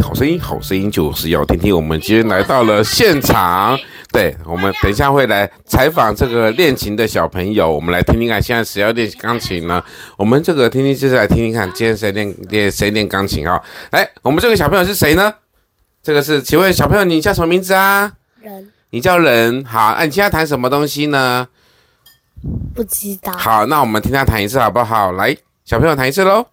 好聲音，好聲音就是要聽聽。我們今天來到了現場對，對我們等一下會來採訪這個練琴的小朋友。我們來聽聽看，啊，現在誰要練鋼琴呢？我們這個聽聽就是來聽聽看，今天誰練練誰練鋼琴啊，哦？來，我們這個小朋友是誰呢？這個是，請問小朋友，你叫什麼名字啊？人。你叫人，好。那，啊、你今天彈什麼東西呢？不知道。好，那我們聽他彈一次好不好？好來，小朋友彈一次嘍。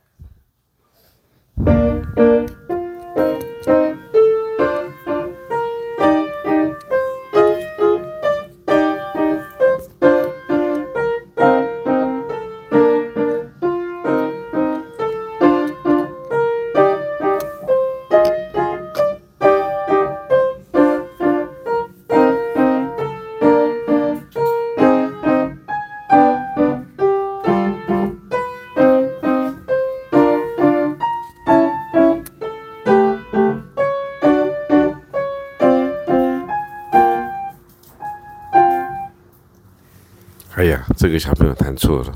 小朋友彈錯了。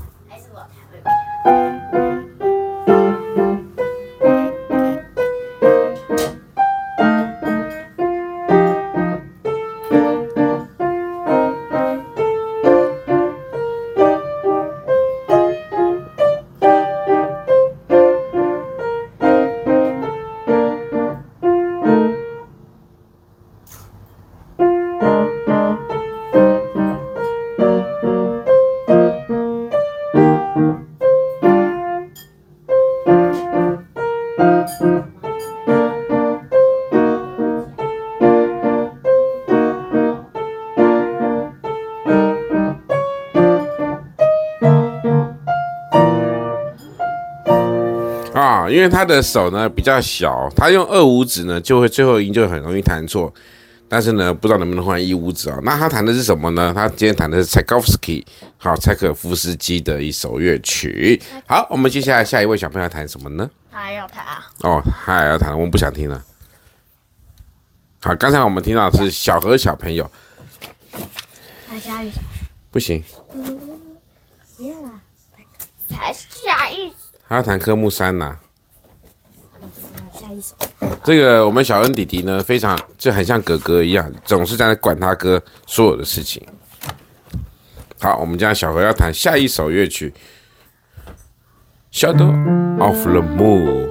因為他的手呢比較小，他用二五指呢就會最後一音就很容易彈錯，但是呢不知道能不能換一五指啊、哦？那他彈的是什麼呢？他今天彈的是柴可夫斯基，好，柴可夫斯基的一首樂曲。好，我們接下來下一位小朋友要彈什麼呢？還他也要彈啊。哦，他也要彈，我們不想聽了。好，剛才我們聽到是小何小朋友。來一不行。不要、嗯、了，才下一次。還要彈科目三呢、啊。這個我們小恩弟弟呢，非常就很像哥哥一樣，總是在管他哥所有的事情。好，我們家小何要彈下一首樂曲，《 Shadow of the Moon》。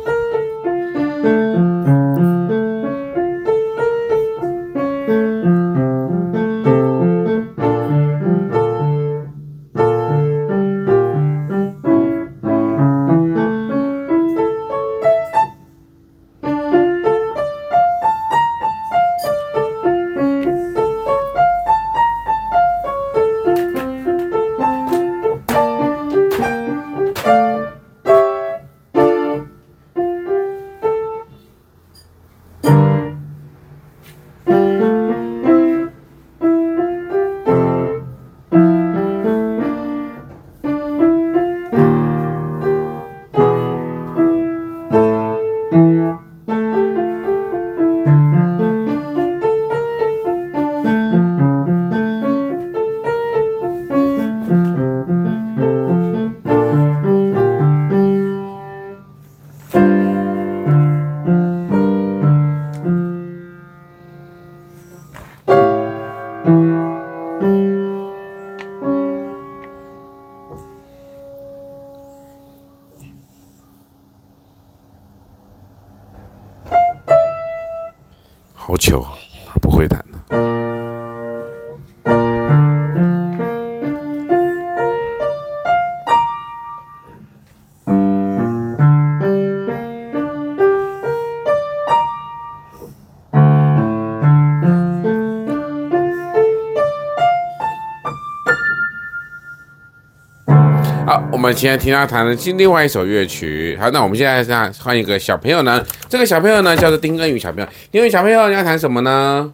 我們今天聽他彈的是另外一首樂曲。好，那我們現在讓換一個小朋友呢。這個小朋友呢叫做丁根宇小朋友。丁根宇小朋友，你要彈什麼呢？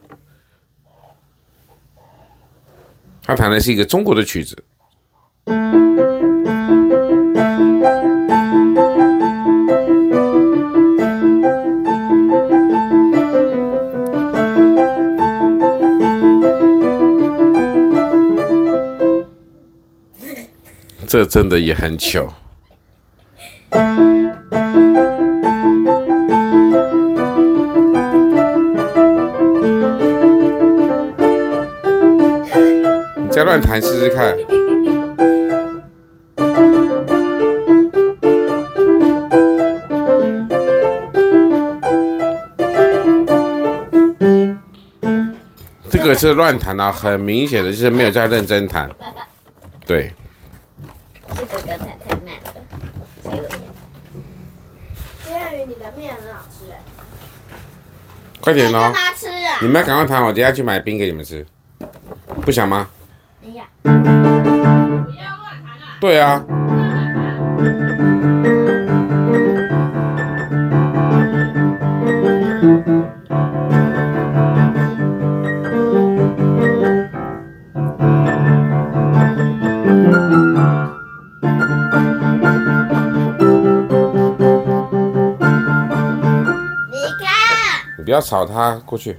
他彈的是一個中國的曲子。這真的也很巧，你再亂彈試試看。這個是亂彈啊，很明顯的就是沒有在認真彈，對。快點哦，啊、你們要趕快談，我等下去買冰給你們吃，不想嗎？對呀，不要亂談啊，對啊。不要吵他過去。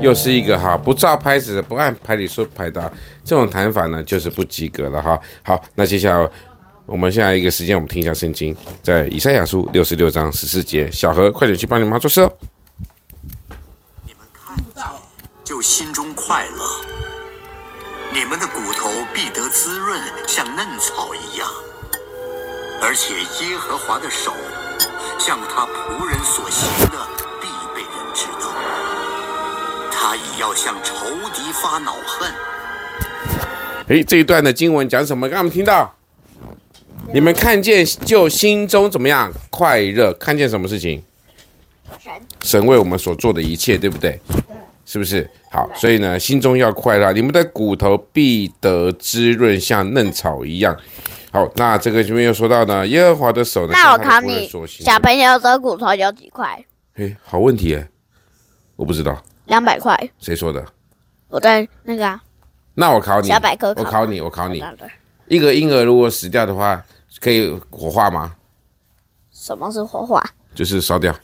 又是一個哈，不照拍子，不按牌理說拍的，這種彈法呢，就是不及格了哈。好，那接下來我們下一個時間，我們聽一下聖經，在以賽亞書六十六章十四節。小何，快點去幫你媽做事哦。你們看到就心中快樂，你們的骨頭必得滋潤，像嫩草一樣，而且耶和華的手像他僕人所行的。要向仇敵發惱恨。哎，這一段的經文講什麼？剛剛我們聽到，你們看見就心中怎麼樣？快樂？看見什麼事情？神，神為我們所做的一切，對不對？是不是？好，所以呢，心中要快樂。你們的骨頭必得滋潤，像嫩草一樣。好，那這個前面又說到呢，耶和華的手呢？那我考你，小朋友的骨頭有幾塊？哎，好問題哎，我不知道。兩百塊，誰說的？我在那個啊。那我考你。百考我考你，我考你。考一個嬰兒如果死掉的話，可以火化嗎？什麼是火化？就是燒掉。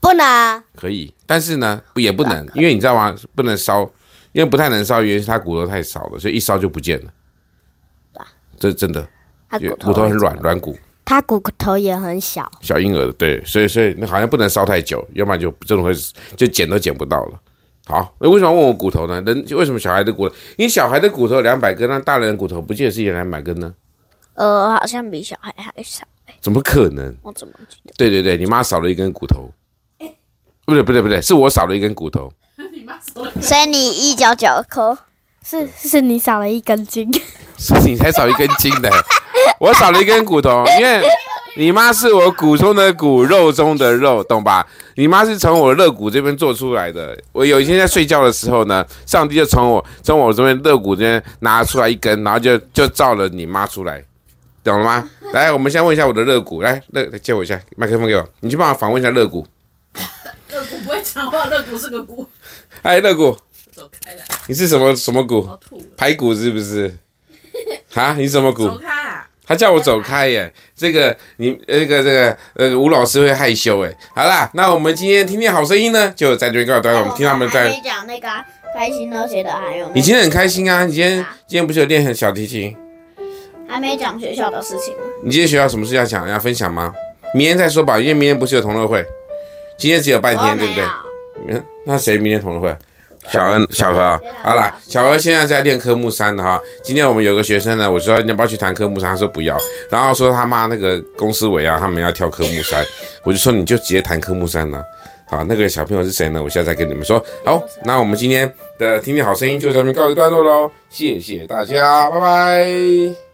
不能。可以，但是呢，也不能，不能。因為你知道嗎？不能燒，因為不太能燒，因為它骨頭太少了，所以一燒就不見了。對啊。這是真的。它骨頭很軟，軟骨。骨他骨頭也很小，小嬰兒，對，所以所以那好像不能燒太久，要不然就真的會就撿都撿不到了。好，那為什麼問我骨頭呢？人為什麼小孩的骨頭，因為小孩的骨頭兩百根，那大人的骨頭不見得是一百根呢？呃，好像比小孩還少。欸、怎麼可能？我怎麼覺得？對對對，你媽少了一根骨頭。欸、不對不對不對，是我少了一根骨頭。你媽少了一根。所以你一腳腳磕，是是你少了一根筋，是 你才少一根筋的。 我少了一根骨頭，因為你媽是我骨中的骨，肉中的肉，懂吧？你媽是從我肋骨這邊做出來的。我有一天在睡覺的時候呢，上帝就從我從我這邊肋骨這邊拿出來一根，然後就就造了你媽出來，懂了嗎？來，我們先問一下我的肋骨，來，肋借我一下麥克風給我，你去幫我訪問一下肋骨。肋骨不會講話，肋骨是個骨。哎，肋骨。走開了。你是什麼什麼骨？排骨是不是？啊，你是什麼骨？他叫我走開耶，這個你那個這個、這個、呃吳老師會害羞誒。好啦，那我們今天聽聽好聲音呢，就在這邊告訴大家我們聽他們在講那個開心的還有、那個。你今天很開心啊！你今天、啊、今天不是有練很小提琴？還沒講學校的事情。你今天學校什麼事要講要分享嗎？明天再說吧，因為明天不是有同樂會，今天只有半天，對不對？嗯，那誰明天同樂會？小恩，小禾，好了，小禾現在在練科目三的哈。今天我們有個學生呢，我說要不要去談科目三，他說不要，然後說他媽那個公司委啊，他們要跳科目三，我就說你就直接談科目三了。好，那個小朋友是誰呢？我現在再跟你們說。好，那我們今天的聽聽好聲音就在這邊告一段落嘍，謝謝大家，拜拜。